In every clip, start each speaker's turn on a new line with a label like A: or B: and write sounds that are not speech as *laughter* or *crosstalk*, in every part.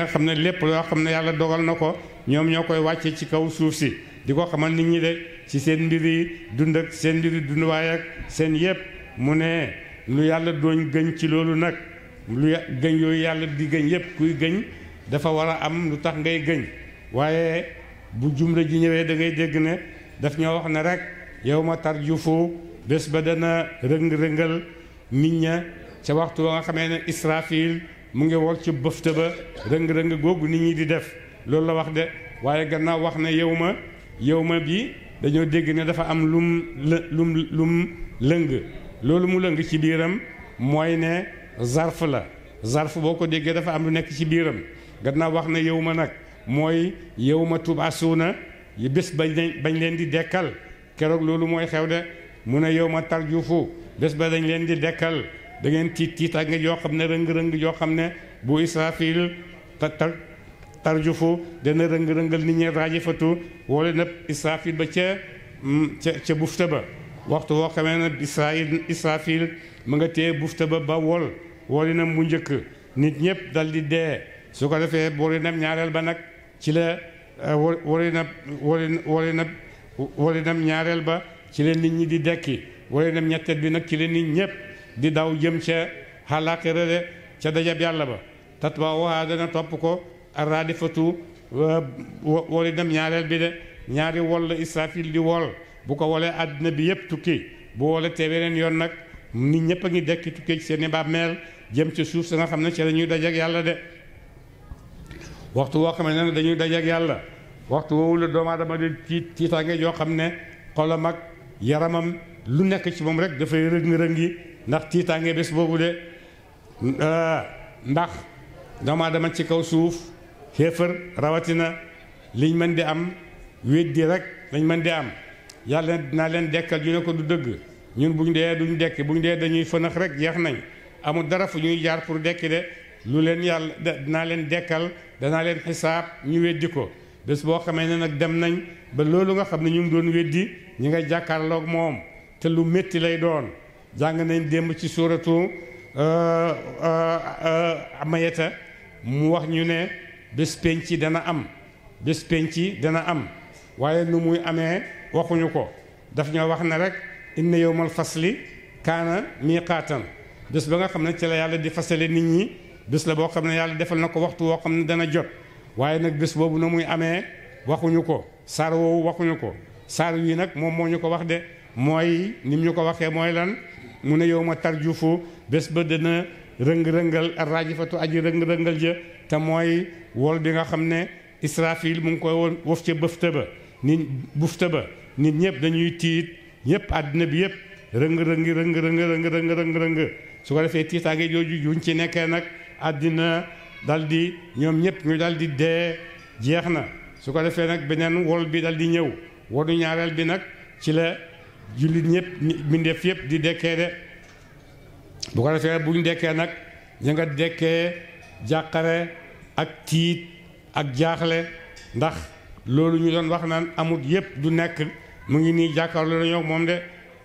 A: nga xam ne lépp loo xam ne yàlla dogal na ko ñoom ñoo koy wàccee ci kaw suuf si di ko xamal nit ñi de ci seen mbir yi dund ak seen mbir yi dunduwaay seen yépp mu ne lu yàlla dooñ gëñ ci loolu nag lu gëñ yooyu yàlla di gëñ yépp kuy gëñ dafa war a am lu tax ngay gëñ waaye bu jumla ji ñëwee da ngay dégg ne daf ñoo wax ne rek yow ma tarjufu bés ba dana rëng-rëngal nit ña ca waxtu wa nga xamee ne israfil mu ngi wol ci bëfte ba rëng-rëng googu nit ñi di def loolu la wax de waaye gannaaw wax na yow ma yow ma bi dañoo dégg ne dafa am lum lum lum lëng loolu mu lëng ci biiram mooy ne zarf la zarf boo ko déggee dafa am lu nekk ci biiram gannaaw wax ne yow ma nag mooy yow ma na bés bañ bañ leen di dekkal keroog loolu mooy xew de mu ne yow ma tarjufu bés ba dañ leen di dekkal da ngeen tiit tiitaange yoo xam ne rëng-rëng yoo xam ne bu israfil ta tar tarjufu dana rëng-rëngal nit ñi raajifatu wala nag israfil ba ca ca ca bufta ba waxtu woo xamee ne israil israfil ma nga téye bufta ba ba wol wooli nam mu njëkk nit ñëpp dal di dee su ko defee wooli nam ñaareel ba nag ci la wooli na wooli wooli na wooli nam ñaareel ba ci la nit ñi di dekki wooli nam ñetteel bi nag ci la nit ñëpp di daw jëm ca xalaaxira de ca dajab yàlla ba tatba'uhaa dana topp ko arraadifatu woli dem ñaareel bi de ñaari wol la israfil di wol bu ko wolee àddina bi yëpp tukki bu wole teeweneen yoon nag nit ñëpp a ngi dekki tukki ci seeni bàmmeel jëm ca suuf sa nga xam ne ca la ñuy dajeek yàlla de waxtu woo xam ne dañuy dajeek yàlla waxtu woowu la doomu aadama di tiit tiitaange yoo xam ne xolam ak yaramam lu nekk ci moom rek dafay rëng-rëngi ndax tiitaange bés boobu de euh, ndax doomu aadama ci kaw suuf xéefar rawatina liñ mën di am weddi rek lañ mën di am yàlla dinaa leen dekkal ñu ne ko du dëgg ñun buñ dee duñ dekki buñ dee dañuy fënax rek jeex nañ amul dara fu ñuy jaar pour dekki de lu leen yàlla dinaa leen dekkal danaa leen xisaab ñu weddi ko bés boo xamee ne nag dem nañ ba loolu nga xam ne ñu ngi doon weddi ñi nga jàkkaarlook moom te lu métti lay doon jàng nañ démb ci suuratu euh, euh, mayeta mu wax ñu ne bés penc dana am bés penc dana am waaye nu muy amee waxuñu ko daf ñoo wax na rek inna yowmal fasli kaana miqaatan bés ba nga xam ne ci la yàlla di fasale nit ñi bés la boo xam ne yàlla defal na ko waxtu woo xam ne dana jot waaye nag bés boobu na muy amee waxuñu ko saar woowu waxuñu ko saar wii nag moom moo ñu ko wax de mooy nim ñu ko waxee mooy lan mu ne yow ma tarjufu bés ba dana rëng-rëngal arraajifatu aji rëng-rëngal ja te mooy wol bi nga xam ne israfil mu ngi koy woon wof ca bëfta ba nit bufta ba nit ñëpp dañuy tiit ñëpp àddina bi yëpp rëng-rëng rëng rëng rëng rëng rëng rëng su ko defee tiitaange jooju yuñ ci nekkee nag àddina dal di ñoom ñëpp ñu dal di dee jeex na su ko defee nag beneen wol bi dal di ñëw wolu ñaareel bi nag ci la jullit ñëpp mbindeef yëpp di dekkee de bu ko defee bu ñu dekkee nag ñënga nga dekkee jàqare ak tiit ak jaaxle ndax loolu ñu doon wax naan amut yëpp du nekk mu ngi nii jàkkaarloo la ñoo moom de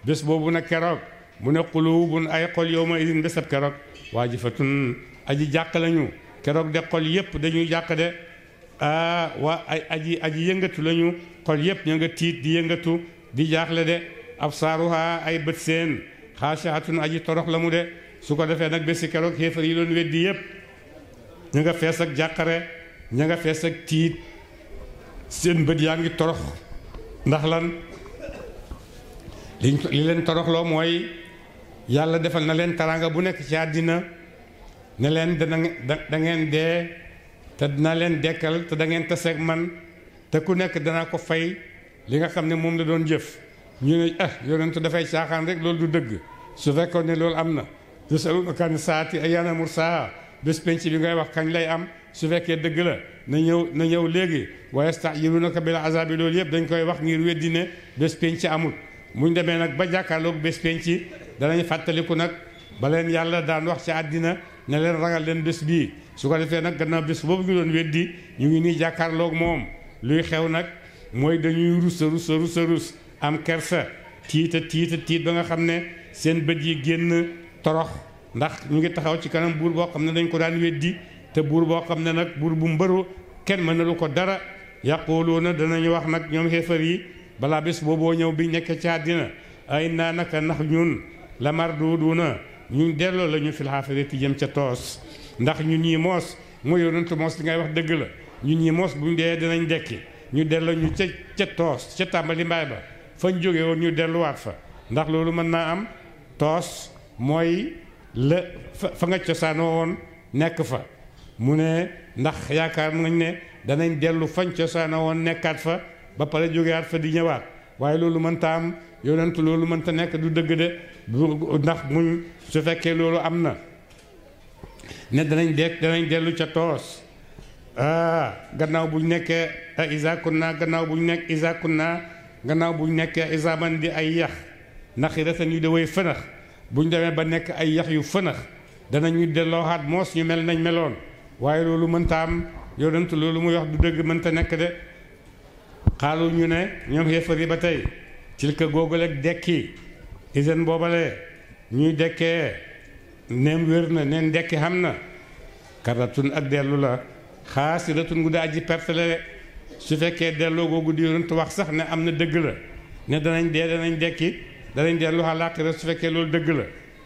A: bés boobu nag keroog mu ne quluubun ay xol yow ma keroog bésab keroog waajifatun aji jàq lañu keroog de xol yëpp dañuy jàq de waa ay aji aji yëngatu lañu xol yëpp ñu nga tiit di yëngatu di jaaxle de ab absaaruha ay bët seen xaashaatun aji torox la mu de su ko defee nag bési keroog xéefar yi doon weddi yépp ña nga fees ak jàqare ña nga fees ak tiit seen bët yaa ngi torox ndax lan li leen toroxloo mooy yàlla defal na leen taraanga bu nekk ci àddina ne leen dana dangeen ngeen dee te dina leen dekkal te da ngeen taseeg man te ku nekk danaa ko fay li nga xam ne moom la doon jëf ñu ne ah yonentu dafay caaxaan rek loolu du dëgg su fekkoon ne loolu am na yasalunaka ani saati ayyaana saa bés penc bi ngay wax kañ lay am su fekkee dëgg la na ñëw na ñëw léegi waaye wa yasta'jiluunaka bil azaabi loolu yëpp dañu koy wax ngir weddi ne bés penc amul muñ demee nag ba jàkkaarloog bés penc danañu fàttaliku nag ba leen yàlla daan wax ci àddina ne leen ragal leen bés bii su ko defee nag gannaaw bés boobu ñu doon weddi ñu ngi nii jàkkaarloog moom luy xew nag mooy dañuy rus a rus a am kersa tiita tiita tiit ba nga xam ne seen bët yi génn torox ndax ñu ngi taxaw ci kanam buur boo xam ne nañu ko daan weddi te buur boo xam ne nag buur bu mbëru kenn mënalu ko dara yaquluuna danañu wax nag ñoom xeefar yi balaa bés booboo ñëw bi nekk ca àddina ay naa naka ndax ñun la mar na ñu delloo lañu ñu fil xaafirati jëm ca toos ndax ñu ñii moos mooy yonentu moos li ngay wax dégg la ñu ñii moos bu ñu dee dinañ dekki ñu delloo ñu ca ca toos ca tàmbali mbaay ba fañ jóge woon ñu delluwaat fa ndax loolu mën naa am toos mooy la fa nga cosaanoo woon nekk fa mu ne ndax yaakaar mu nañ ne danañ dellu fañ cosaanoo woon nekkaat fa ba pare jógewaat fa di ñëwaat waaye loolu mënta am yonent loolu mënta nekk du dëgg de ndax muñ su fekkee loolu am na ne danañ de danañ dellu ca toos ah gannaaw buñ nekkee isa kunna gannaaw buñ nekk isa kunna gannaaw bu nekkee isaaban di ay yax naxi resen yu daway fënax bu ñu demee ba nekk ay yax yu fënax danañu dellooxaat moos ñu mel nañ meloon waaye loolu mënta am yonent loolu mu yox du dégg mënta nekk de xaalu ñu ne ñoom xéefar yi ba tey tilka googuleeg dekki isen boobalee ñuy dekkee neem wér na neen dekki xam na karatun ak dellu la xaasiratun gu daa aji perte la de su fekkee delloo googu di yonent wax sax ne am na dëgg la ne danañ dee danañ dekki danañ dellu àllaaxira su fekkee loolu dëgg la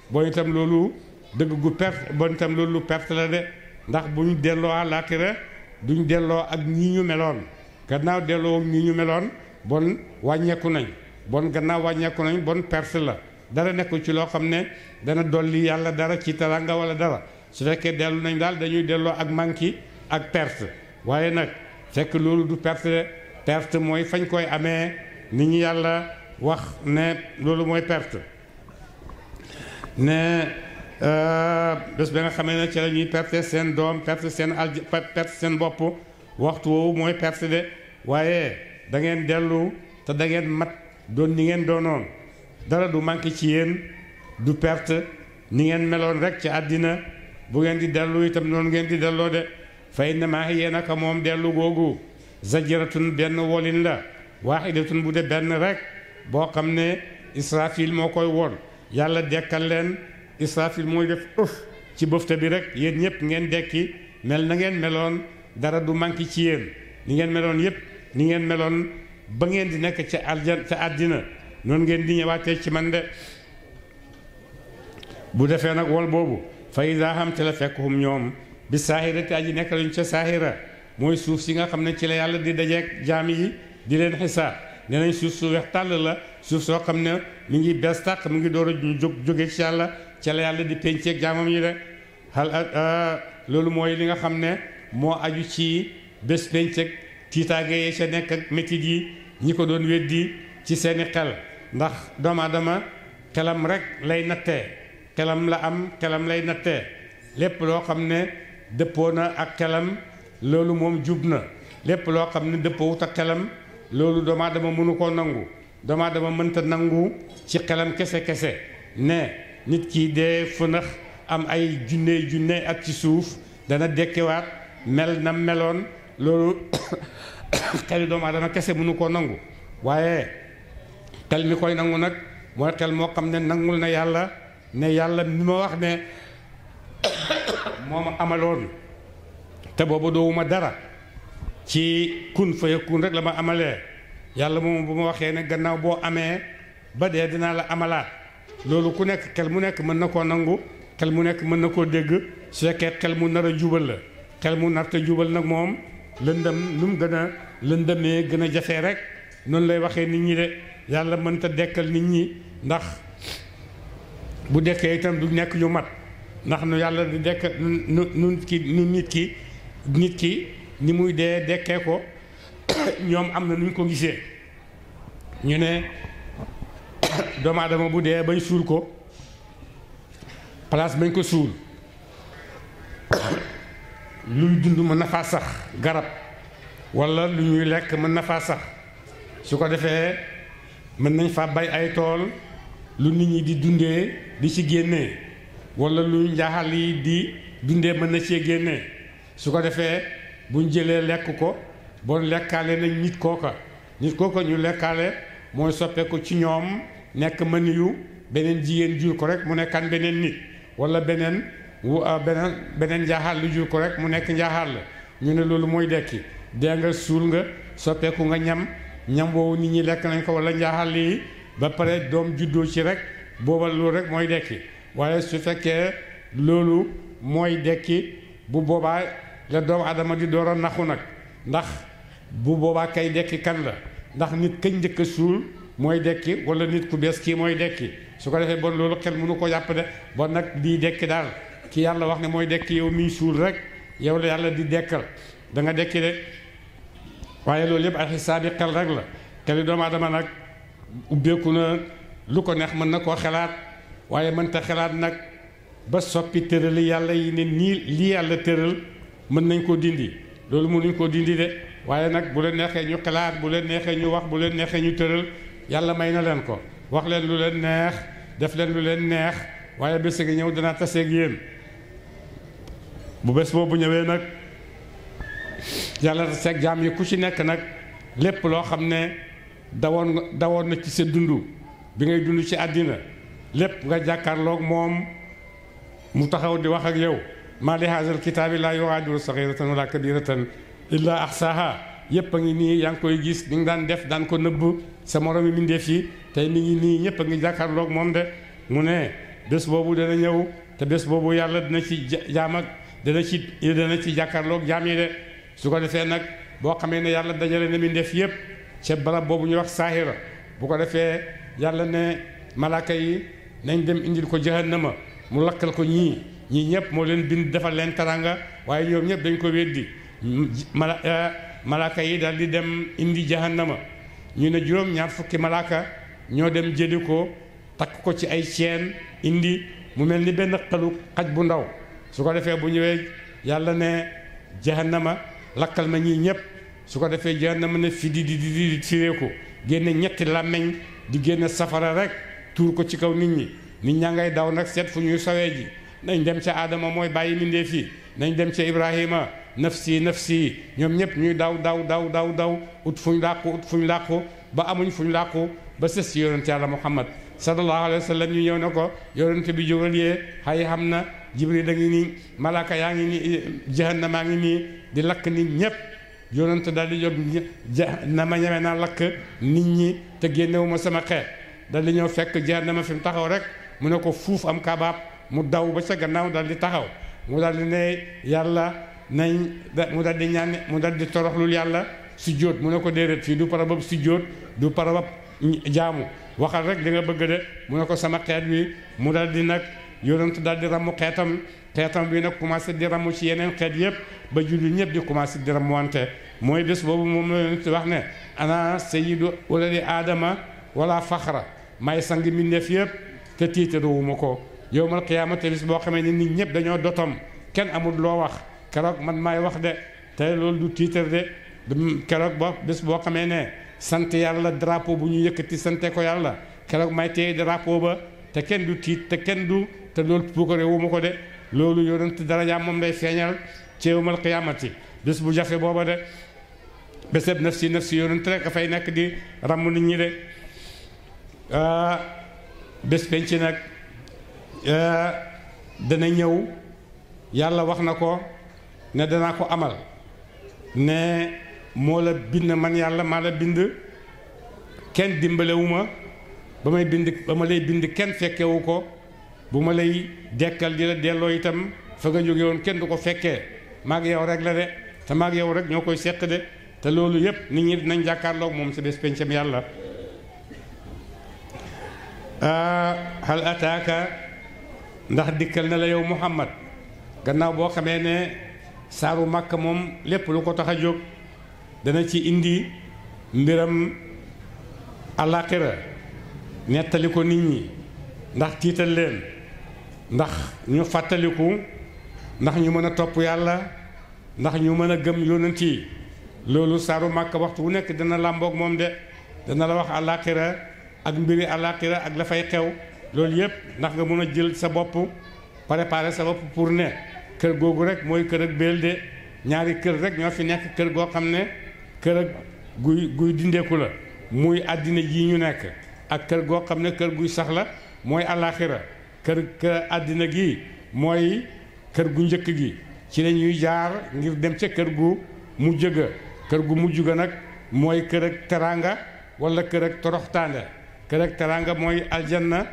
A: bon itam loolu dëgg gu perte bon itam loolu lu perte la de ndax bu ñu delloo àllaaxira duñ delloo ak ñii ñu meloon gannaaw delloo ak ñu meloon bon wàññeeku nañ bon gannaaw wàññeeku nañ bon perte la dara nekkul ci loo xam ne dana dolli yàlla dara ci taranga wala dara su fekkee dellu nañ daal dañuy delloo ak manki ak perte waaye nag fekk loolu du perte de perte mooy fañ koy amee ni ñu yàlla wax ne loolu mooy perte ne euh, bés ba nga xamee ne ci la ñuy perte seen doom perte seen al perte seen bopp waxtu woowu mooy perte de waaye da ngeen dellu te da ngeen mat doon ni ngeen doonoon dara du manqué ci yéen du perte ni ngeen meloon rek ci àddina bu ngeen di dellu itam noonu ngeen di delloo de fay innamaa hiya naka moom dellu googu zajratun benn wolin la waaxidatun bu de benn rek boo xam ne israfil moo koy wol yàlla dekkal leen israfil mooy def ëf ci bëfta bi rek yéen ñëpp ngeen dekki mel na ngeen meloon dara du manqué ci yéen ni ngeen meloon yëpp ni ngeen meloon ba ngeen di nekk ca aljan ca àddina noonu ngeen di ñëwaatee ci man de bu defee nag wol boobu fay daa xam te la fekk hum ñoom bi saahirati aji nekk lañu ca saahira mooy suuf si nga xam ne ci la yàlla di dajeeg jaam yi di leen xisaab nee nañ suuf su weex tàll la suuf soo xam ne mu ngi bees tàq mu ngi door a jóg jóge ci yàlla ca la yàlla di penceeg jaamam yi de ah, ah, loolu mooy li nga xam ne moo aju ci bés penceeg tiitaage yee ca nekk ak métit yi ñi ko doon weddi ci seeni xel ndax doomu aadama xelam rek lay natte xelam la am xelam lay natte lépp loo xam ne dëppoo na ak xelam loolu moom jub na lépp loo xam ne dëppoowut ak xelam loolu doomu aadama mënu koo nangu doomu aadama mënta nangu ci xelam kese kese ne nit ki dee fënax am ay junne junne ak ci suuf dana dekkiwaat mel na meloon loolu *coughs* xelu doomu aadama kese mënu koo nangu waaye xel mi koy nangu nag mooy xel moo xam ne nangul na yàlla ne yàlla mi ma wax ne moo ma amaloon te boobu doowuma dara ci kun fa yakun rek la ma amalee yàlla moom bu ma waxee ne gannaaw boo amee ba dee dinaa la amalaat loolu ku nekk xel mu nekk mën na koo nangu xel mu nekk mën na koo dégg su fekkee xel mu nar a jubal la xel mu nar te jubal nag moom lëndëm lu mu gën a lëndëmee gën a jafee rek noonu lay waxee nit ñi de yàlla mënta dekkal nit ñi ndax bu dekkee itam du nekk ñu mat ndax nu yàlla di dekk nu nu ki nu nit ki nit ki ni muy dee dekkee ko *coughs* ñoom am na nu ko gisee ñu ne *coughs* doomu bu dee bañ suul ko place bañ ko suul *coughs* luy dund mën nafaa sax garab walla lu ñuy lekk mën na faa sax su ko defee mën nañ fa bay ay tool lu nit ñi di dundee bi ci génnee wala lu njaaxal yi di dundee mën na cee génne su ko defee buñ jëlee lekk ko bon lekkaale nañ nit kooka nit kooka ñu lekkaale mooy soppeeku ci ñoom nekk mën yu beneen jigéen jur ko rek mu nekkaan beneen nit wala beneen wu ah, beneen beneen njaaxal lu jur ko rek mu nekk njaaxal la ñu ne loolu mooy dekki dee nga suul nga soppeeku nga ñam ñam woowu nit ñi lekk nañ ko wala njaaxal lii ba pare doom juddoo ci rek booba loolu rek mooy dekki waaye su fekkee loolu mooy dekki bu boobaa la doomu adama di door a nag ndax bu boobaa kay dekki kan la ndax nit kañ njëkk suul mooy dekki wala nit ku bees kii mooy dekki su ko defee bon loolu xel mënu ko yàpp de bon nag di dekki daal ki yàlla wax ne mooy dekki yow miy suul rek yow la yàlla di dekkal da nga dekki de waaye loolu yëpp ay xisaabi xel rek la xeli doomu adama nag ubbeeku na lu ko neex mën na koo xelaat waaye mënta xalaat nag ba soppi tërali yàlla yi ne nii lii yàlla tëral mën nañ koo dindi loolu mënuñ koo dindi de waaye nag bu leen neexee ñu xalaat bu leen neexee ñu wax bu leen neexee ñu tëral yàlla may na leen ko wax leen lu leen neex def leen lu leen neex waaye bés a ngi ñëw danaa taseeg yéen bu bés boobu ñëwee nag yàlla taseeg jaam yi ku ci nekk nag lépp loo xam ne dawoon dawoon na ci sa dund bi ngay dund ci àddina lépp nga jàkkaarloog moom mu taxaw di wax ak yow maa li haazal kitaabi laa yugaadiru saxiiratan wala kabiratan illaa axsaaha yëpp a ngi nii yaa ngi koy gis ni nga daan def daan ko nëbb sa moromi mindeef yi tey mi ngi nii ñëpp a ngi jàkkaarloog moom de mu ne bés boobu dana ñëw te bés boobu yàlla dina ci jaam ak dana ci dana ci jàkkaarloog jaam yi de su ko defee nag boo xamee ne yàlla dajale na mindeef yëpp ca bala boobu ñu wax saahira bu ko defee yàlla ne malaaka nañ dem indil ko jahannama mu lakkal ko ñii ñii ñëpp moo leen bind defal leen taranga waaye ñoom ñëpp dañu ko weddi mala eh, malaaka yi daal di dem indi jahannama ñu ne juróom ñaar fukki malaaka ñoo dem jëli ko takk ko ci ay ceen indi mu mel ni benn xalu xaj bu ndaw su ko defee bu ñëwee yàlla ne jahannama lakkal ma ñii ñëpp su ko defee jahannama ne fi di di di firéeku génn ñetti làmmeñ di génn safara rek tuur ko ci kaw nit ñi nit ñaa ngay daw nag seet fu ñuy sowee ji nañ dem ca aadama mooy bàyyi mindeef yi nañ dem ca ibrahima nafsi nafsi ñoom ñëpp ñuy daw daw daw daw daw ut fuñ làqu ut fuñ làqu ba amuñ fuñ làqu ba sës ci yonente yàlla muhammad sallallahu alayhi wa sallam ñu ñëw ne ko yonente bi jógal yee xay xam na jibril a ngi nii malaaka yaa ngi nii jahannamaa ngi nii di lakk nit ñëpp yonente daal di jóg na ma ñeme naa lakk nit ñi te génnewuma sama xeet dal di ñëw fekk jahannama ma mu taxaw rek mu ne ko fuuf am kabaab mu daw ba ca gannaaw dal di taxaw mu dal di ne yàlla nañ mu dal di ñaan mu dal di toroxlul yàlla si jóot mu ne ko déedéet fii du parabab si jóot du parabab jaamu waxal rek li nga bëgg de mu ne ko sama xeet wi mu dal di nag yonent dal di ramu xeetam xeetam bi nag commencé di ramu ci yeneen xeet yëpp ba julli ñëpp di commencé di ramu wante mooy bés boobu moom la yonent wax ne ana sayyidu waladi aadama wala faxra may sang mbindeef yëpp te tiitaruwuma ko yowmal qiyaamata bis boo xamee ne nit ñëpp dañoo dotom kenn amul loo wax keroog man maay wax de te loolu du tiitar de keroog ba bés boo xamee ne sant yàlla drapeau bu ñu yëkkati sante ko yàlla keroog may tey drapeau ba te kenn du tiit te kenn du te loolu puukare wu ma ko de loolu yonent daraja moom lay feeñal ci yowmal qiyaamati bés bu jafe booba de béseb naf si naf si yonent rek dafay nekk di ramm nit ñi de Euh, bés penc nag euh, dana ñëw yàlla wax na ko ne danaa ko amal ne moo la bind man yàlla maa la bind kenn dimbalewu ma ba may bind ba ma lay bind kenn fekkewu ko bu ma lay dekkal di la delloo itam fa nga jóge woon kenn du ko fekkee mag yow rek la de te mag yow rek ñoo koy seq de te loolu yépp nit ñi dinañ jàkkaarloog moom si bés pencam yàlla هل أتاك ndax dikkal na la yow Muhammad gannaaw boo xamee ne saaru màkk moom lépp lu ko tax a jóg dana ci indi mbiram àllaaxira nettali ko nit ñi ndax tiital leen ndax ñu fàttaliku ndax ñu mën a topp yàlla ndax ñu mën a gëm yónnent yi loolu saaru màkk waxtu wu nekk dana làmboog moom de dana la wax àllaaxira ak mbiri àllaaxira ak la fay xew loolu yëpp ndax nga mën a jël sa bopp préparer sa bopp pour ne kër googu rek mooy kër ak béel de ñaari kër rek ñoo fi nekk kër goo xam ne kër ak guy guy dindeeku la muy àddina ji ñu nekk ak kër goo xam ne kër guy sax la mooy àllaaxira kër kër àddina gi mooy kër gu njëkk gi ci lañuy jaar ngir dem ca kër gu mujj ga kër gu mujj ga nag mooy kër ak teraanga wala kër ak toroxtaande kerek teranga moy aljanna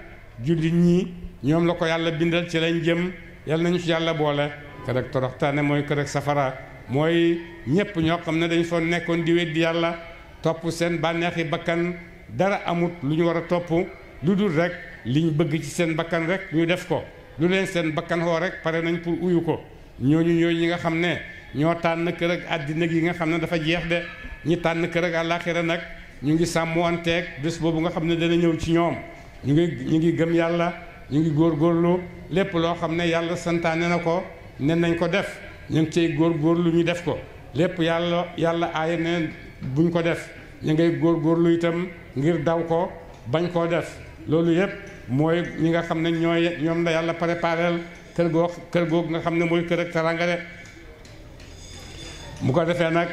A: julli ñi ñom la ko yalla bindal ci lañ jëm yalla nañu ci yalla boole kerek toroxtane mooy kerek safara mooy ñepp ño xamne dañ fo nekkon di wedd yalla top sen banexi bakkan dara amut lu ñu war a rek liñ bëgg ci sen bakkan rek ñu def ko lu leen sen bakkan ho rek pare nañ pour uyu ko ñooñu ñooy ñi nga xamne ño tan kerek kër gi nga xamne dafa jeex de ñi tan kerek alakhirah nak ñu ngi sàmm sàmmanteeg bés boobu nga xam ne dana ñëw ci ñoom ñu ngi ñu ngi gëm yàlla ñu ngi góor góorgóorlu lépp loo xam ne yàlla santaane na ko nen nañ ko def ñu ngi góor góorgóorlu ñu def ko lépp yàlla yàlla aaya ne buñ ko def ñu ngay góorgóorlu itam ngir daw ko bañ koo def loolu yépp mooy ñi nga xam ne ñooy ñoom la yàlla préparel kër goo kër googu nga xam ne mooy kër ak taranga de mu ko defee nag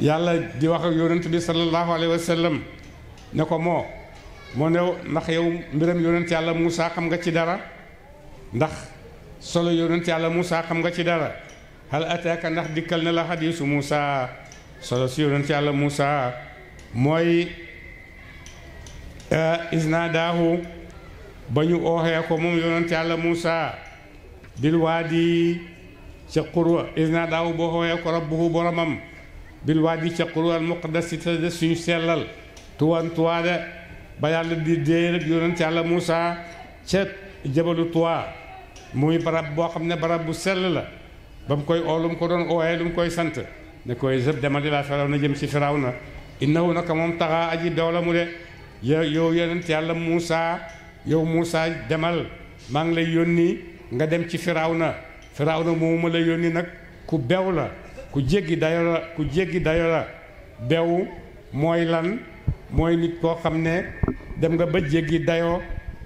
A: yàlla di wax ak yonent bi sallallahu alayhi wa ne ko moo moo new ndax yow mbiram yonent yàlla Moussa xam nga ci dara ndax solo yonent yàlla Moussa xam nga ci dara hal ataaka ndax dikkal na la xadiisu Moussa solo si yonent yàlla Moussa mooy eh, isnadaahu ba ñu ooxee ko moom yonent yàlla Moussa bil waadi ca xurwa isnadaahu boo ooxee ko rabbuhu boromam bil waa yi ca quruwal muqaddasi te de suñu sellal tuwan tuwaade ba yàlla di dee rek yonent yàlla Muusa ca jabalu tuwa muy barab boo xam ne barab bu sell la ba mu koy oolum ko doon ooyee lu koy sant ne koy zëb demal ilaa Firawna jëm ci Firawna innahu naka moom taxaa aji bew la mu de yow yonent yàlla Muusa yow muusaa demal maa ngi lay yónni nga dem ci Firawna Firawna moomu ma la yónni nag ku bew la ku jéggi dayo ku jéggi dayo la bew mooy lan mooy nit koo xam ne dem nga ba jéggi dayoo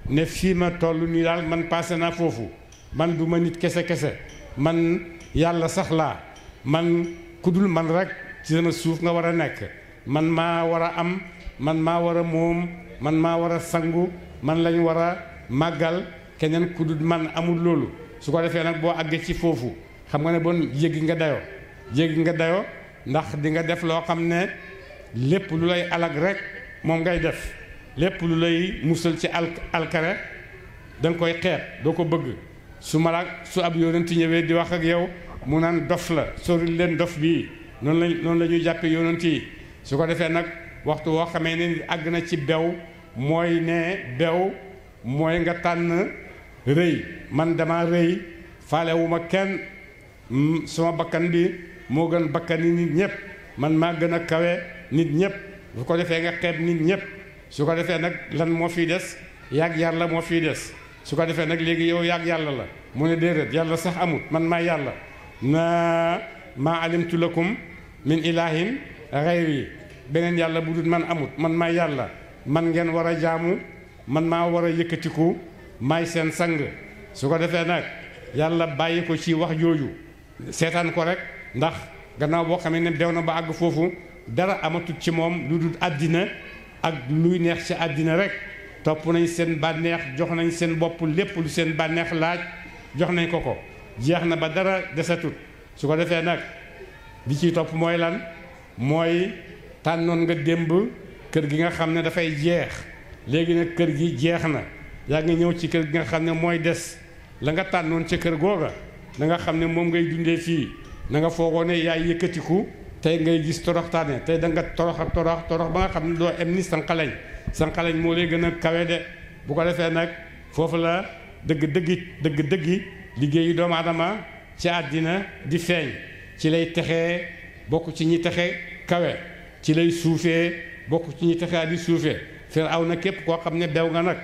A: ne fii ma toll nii daal man passé naa foofu man du ma nit kese kese man yàlla sax laa man ku dul man rek ci sama suuf nga war a nekk man maa war a am man maa war a moom man maa war a sangu man lañ war a màggal keneen ku dul man amul loolu su ko defee nag boo àggee ci foofu xam nga ne bon yéggi nga dayoo jéggi nga dayo ndax di nga def loo xam ne lépp lu lay alag rek moom ngay def lépp lu lay musal ci al alkare da koy xeeb doo ko bëgg su mala su ab yonent ñëwee di wax ak yow mu naan dof la sori leen dof bii noonu la noonu la ñuy jàppee yonent yi su ko defee nag waxtu woo xamee ne àgg na ci bew mooy ne bew mooy nga tànn rëy man dama rëy faale wu ma kenn sama bakkan bi moo gën bakkani nit ñëpp man maa gën kawe nit ñëpp bu ko defee nga xeeb nit ñëpp su ko defee nag lan moo fii des yàgg yàlla moo fii des su ko defee nag léegi yow yàgg yàlla la mu ne déedéet yàlla sax amut man maa yàlla na maa alimtu lakum min ilahin xayri beneen yàlla bu dul man amut man maa yàlla man ngeen war a jaamu man maa war a yëkkatiku maay seen sang su ko defee nag yàlla bàyyi ko ci wax jooju seetaan ko rek ndax gannaaw boo xamee ne dew na ba àgg foofu dara amatul ci moom lu dul àddina ak luy neex ci àddina rek topp nañ seen bànneex jox nañ seen bopp lépp lu seen bànneex laaj jox nañ ko ko jeex na ba dara desatut su ko defee nag bi ci topp mooy lan mooy tànnoon nga démb kër gi nga xam ne dafay jeex léegi nag kër gi jeex na yaa ngi ñëw ci kër gi nga xam ne mooy des la nga tànnoon ca kër googa da nga xam ne moom ngay dundee fii na nga foogoo ne yaay yëkkatiku tey ngay gis toroxtaane tey da nga torox ak torox ba nga xam ne doo em ni sanqalañ sanqalañ moo lay gën a kawe de bu ko defee nag foofu la dëgg-dëggi dëgg-dëggi liggéeyu doomu adama ci àddina di feeñ ci lay texe bokk ci ñi texe kawe ci lay suufee bokk ci ñi texe di suufee aw na képp koo xam ne bew nga nag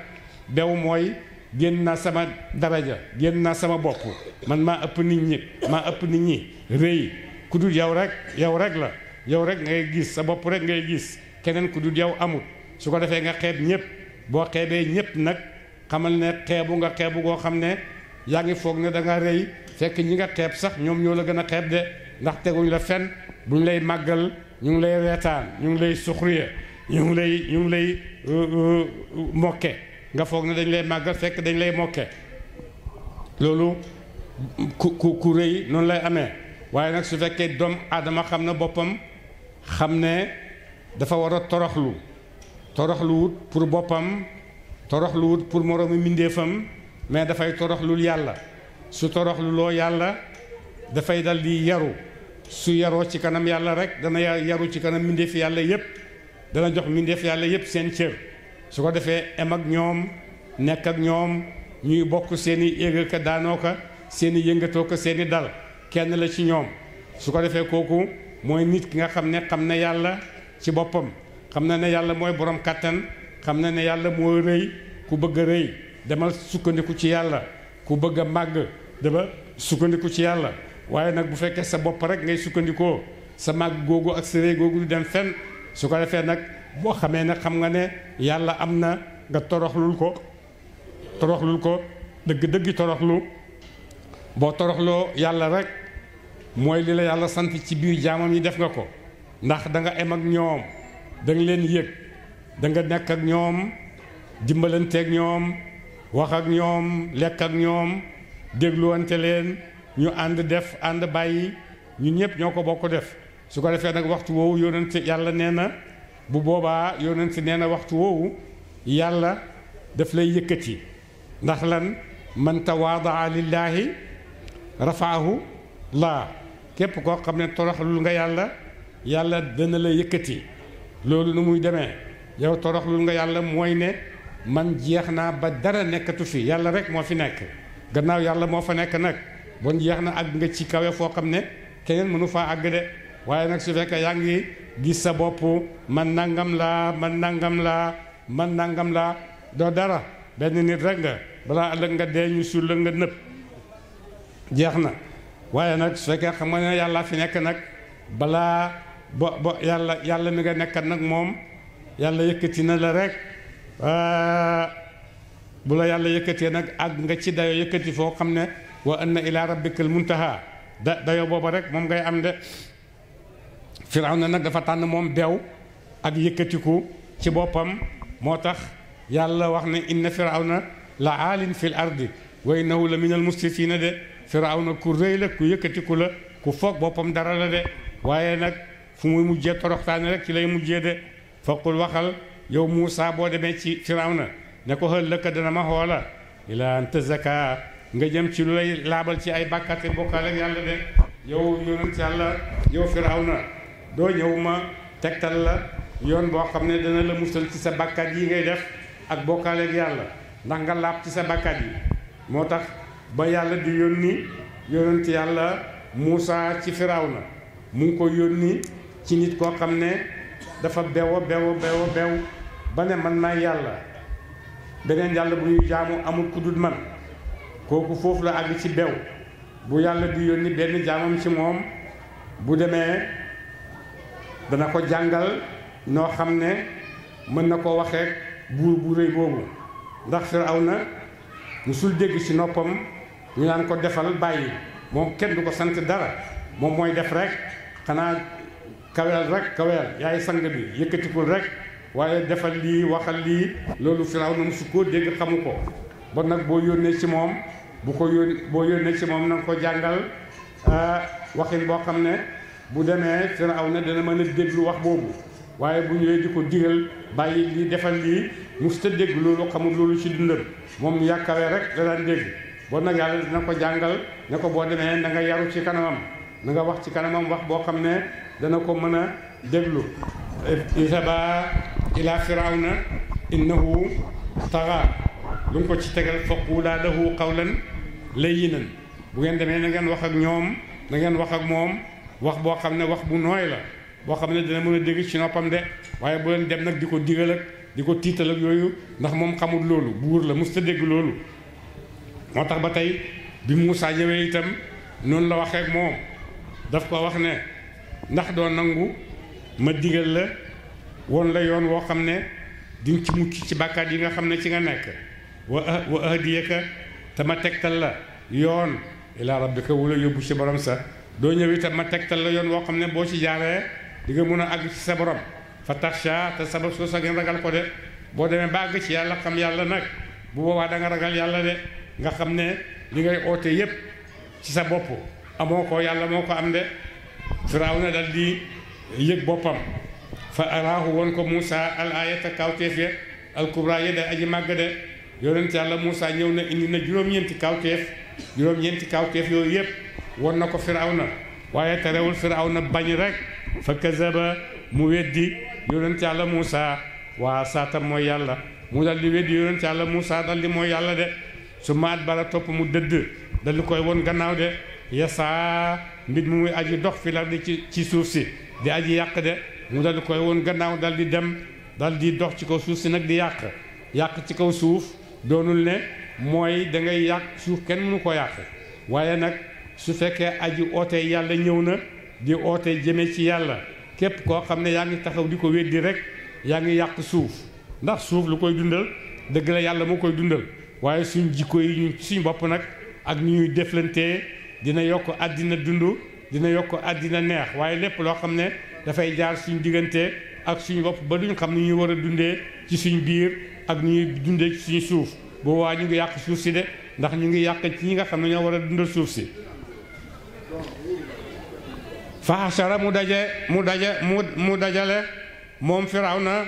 A: bew mooy génn naa sama daraja génn naa sama bopp man maa ëpp nit ñi maa ëpp nit ñi rëy ku dul yow rek yow rek la yow rek ngay gis sa bopp rek ngay gis keneen ku dul yow amut su ko defee nga xeeb ñëpp boo xeebee ñëpp nag xamal ne xeebu nga xeebu goo xam ne yaa ngi foog ne da nga rëy fekk ñi nga xeeb sax ñoom ñoo la gën a xeeb de ndax teguñu la fen bu ñu lay màggal ñu ngi lay reetaan ñu ngi lay suxriya ñu ngi lay ñu lay euh, euh, mokke nga foog ne dañ lay màggal fekk dañ lay mokke loolu ku ku ku rëy noonu lay amee waaye nag su fekkee doom aadama xam na boppam xam ne dafa war a toroxlu toroxlu pour boppam toroxlu wut pour moroomi mbindéefam mais dafay toroxlul yàlla su toroxlu loo yàlla dafay dal di yaru su yaroo ci kanam yàlla rek dana yaru ci kanam mbindéef yàlla yépp dana jox mbindéef yàlla yépp seen cër su ko defee em ak ñoom nekk ak ñoom ñuy bokk seeni yéegal ka daanoo ka seeni yëngatoo ko seeni dal kenn la ci ñoom su ko defee kooku mooy nit ki nga xam ne xam na yàlla ci boppam xam na ne yàlla mooy boroom kàttan xam na ne yàlla mooy rëy ku bëgg rëy demal sukkandiku ci yàlla ku bëgg a màgg dama sukkandiku ci yàlla waaye nag bu fekkee sa bopp rek ngay sukkandikoo sa màgg googu ak sa rëy googu du dem fenn su ko defee nag boo xamee ne xam nga ne yàlla am na nga toroxlul ko toroxlul ko dëgg-dëgg toroxlu boo toroxloo yàlla rek mooy li la yàlla sant ci biir jaamam yi def nga ko ndax da nga em ak ñoom da nga leen yëg da nga nekk ak ñoom dimbalanteeg ñoom wax ak ñoom lekk ak ñoom dégluwante leen ñu ànd def ànd bàyyi ñun ñëpp ñoo ko bokk def su ko defee nag waxtu woowu yonent yàlla nee na bu boobaa yonent nee na waxtu woowu yàlla daf lay yëkkati ndax lan man tawaadaa lillahi rafaahu laa képp koo xam ne toroxlul nga yàlla yàlla dana la yëkkati loolu nu muy demee yow toroxlul nga yàlla mooy ne man jeex naa ba dara nekkatu fi yàlla rek moo fi nekk gannaaw yàlla moo fa nekk nag bon jeex na àgg nga ci kawe foo xam ne keneen mënu faa àgg de waaye nag su fekkee yaa ngi gis sa bopp man nangam laa man nangam laa man nangam laa doo dara benn nit rek nga balaa ëllëg nga dee ñu suul la nga nëb jeex na waaye nag su fekkee xam nga yàlla fi nekk nag balaa bo bo yàlla yàlla mi nga nekkat nag moom yàlla yëkkati na la rek bu la yàlla yëkkatee nag ak nga ci dayo yëkkati foo xam ne wa anna ila rabbikal muntaha da dayo booba rek moom ngay am de firawna nag dafa tànn moom beew ak yëkkatiku ci boppam moo tax yàlla wax ne inna firawna la aalin fil ardi wa innahu la minal musrifina de Firawna ku rëy la ku yëkkatiku la ku foog boppam dara la de waaye nag fu muy mujjee toroxtaane rek ci lay mujjee de foqul waxal yow Muusaa boo demee ci Firawna ne ko xël lëkka dana ma xoola ilaa anta nga jëm ci lu lay laabal ci ay bàkkaate bokkaale ak yàlla de yow yonent yàlla yow Firawna doo ñëw tegtal la yoon boo xam ne dana la musal ci sa bàkkaat yi ngay def ak bokkaale yàlla ndax nga laab ci sa bàkkaat yi moo tax ba yàlla di yónni yonent yàlla Muusa ci Firawna mu ngi ko yónni ci nit koo xam ne dafa bewa bewa bewa bew ba ne man maay yàlla beneen jàll bu ñu jaamu amul ku dul man kooku foofu la àgg ci bew bu yàlla di yónni benn jaamam ci moom bu demee dana ko jàngal noo xam ne mën na ko waxee buur bu rëy boobu ndax Firawna musul dégg ci noppam ñu naan ko defal bàyyi moom kenn du ko sant dara moom mooy def rek xanaa kaweel rek kaweel yaay sang bi yëkkatikul rek waaye defal lii waxal lii loolu firaaw na su koo dégg xamu ko bon nag boo yónnee ci moom bu ko yóon boo yónnee ci moom na nga ko jàngal ah, waxin boo xam ne bu demee firaaw na dana mën a déglu wax boobu waaye bu ñëwee di ko digal bàyyi lii defal lii musta dégg loolu xamul loolu ci dundam moom yaakaaree rek da daan dégg bon nag yàlla dina ko jàngal ne ko boo demee na nga yaru ci kanamam na nga wax ci kanamam wax boo xam ne dana ko mën a déglu isaba ila firawna innahu taxa lu nga ko ci tegal faquulaa lahu qawlan layyinan bu ngeen demee na ngeen wax ak ñoom na ngeen wax ak moom wax boo xam ne wax bu nooy la boo xam ne dina mën a dégg ci noppam de waaye bu leen dem nag di ko digal ak di ko tiital ak yooyu ndax moom xamul loolu buur la mosut a dégg loolu moo tax ba tey bi Moussa ñëwee itam noonu la waxee ak moom daf ko wax ne ndax doo nangu ma digal la woon la yoon woo xam ne dinga ci mucc ci bàkkaat yi nga xam ne ci nga nekk wa ah, wa ahdiyaka te ma tegtal la yoon ilaa rabbika wula yóbbu ci borom sa doo ñëw itam ma tegtal la yoon woo xam ne boo ci jaaree di nga mun a àgg ci sa borom fa taxsha te sabab soo sa ngeen ragal ko de boo demee ba àgg ci yàlla xam yàlla nag bu boobaa da nga ragal yàlla nga xam ne li ngay oote yépp ci sa bopp amoo ko yàlla moo ko am de Firawna dal di yëg boppam fa araahu woon ko Moussa al ayata kawteef ya al ya day aji màgg de yonent yàlla Moussa ñëw na indi na juróom-ñeenti kawteef juróom-ñeenti kawteef yooyu yépp won na ko Firawna waaye terewul Firawna bañ rek fa kazaba mu weddi yonent yàlla Moussa waa saatam mooy yàlla mu dal di weddi yonent yàlla Moussa dal mooy yàlla de su maat bara topp mu dëdd dalu koy won gannaaw de yasaa mbir mu muy aji dox fi la di ci ci suuf si di aji yàq de mu dalu koy won gannaaw dal di dem dal di dox ci kaw suuf si nag di yàq yàq ci kaw suuf doonul ne mooy da ngay yàq suuf kenn mënu ko yàq waaye nag su fekkee aji oote yàlla ñëw na di oote jëme ci yàlla képp koo xam ne yaa ngi taxaw di ko weddi rek yaa ngi yàq suuf ndax suuf lu koy dundal dëgg la yàlla moo koy dundal waaye suñ jikko yi ñun suñ bopp nag ak ñuy deflantee dina yokk àddina dund dina yokk àddina neex waaye lépp loo xam ne dafay jaar suñ diggante ak suñ bopp ba duñ xam ni ñuy war a dundee ci suñ biir ak ni ñuy dundee ci suñ suuf boobaa ñu ngi yàq suuf si de ndax ñu ngi yàq ci ñi nga xam ne ñoo war a dundal suuf si faxasara mu daje mu daje mu mu dajale moom firaw na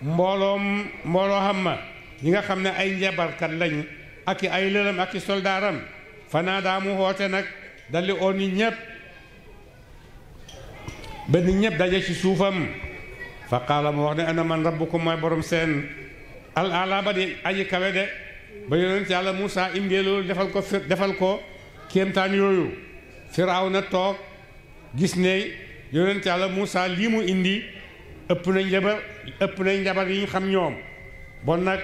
A: mbooloom mbooloo xam ma ñi nga xam ne ay njabarkat lañu ak i ay lëlam ak i soldaaram fanaa daa mu xoote nag daldi oo nit ñépp ba ñépp daje ci suufam fa qaala wax ne ana man rabbukum mooy borom seen al ala ba di aji kawe de ba yonent yàlla Muusa indee defal ko defal ko kéemtaan yooyu Firawna toog gis ne yonent yàlla Muusa lii mu indi ëpp na njabar ëpp na njabar yi xam ñoom bon nag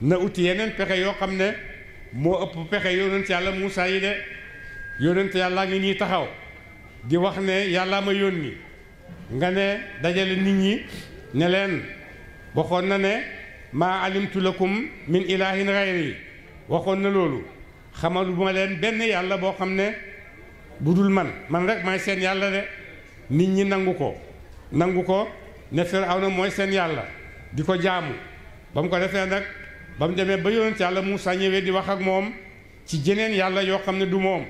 A: na uti yeneen pexe yoo xam ne moo ëpp pexe yonent yàlla Muusaa yi de yonent yàlla ngi nii taxaw di wax ne yàlla ma yónni nga ne dajale nit ñi ne leen waxoon na ne maa alimtu lakum min ilahin gayri waxoon na loolu xamaluma leen benn yàlla boo xam ne bu man man rek maay seen yàlla de nit ñi nangu ko nangu ko ne Firawna mooy seen yàlla di ko jaamu ba ko defee nag ba mu demee ba yonent yàlla Moussa ñëwee di wax ak moom ci jeneen yàlla yoo xam ne du moom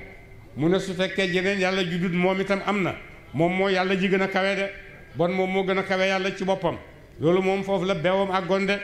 A: mu ne su fekkee jeneen yàlla ju dut moom itam am na moom moo yàlla ji gën a kawe de bon moom moo gën a kawe yàlla ci boppam loolu moom foofu la beewam ak gonde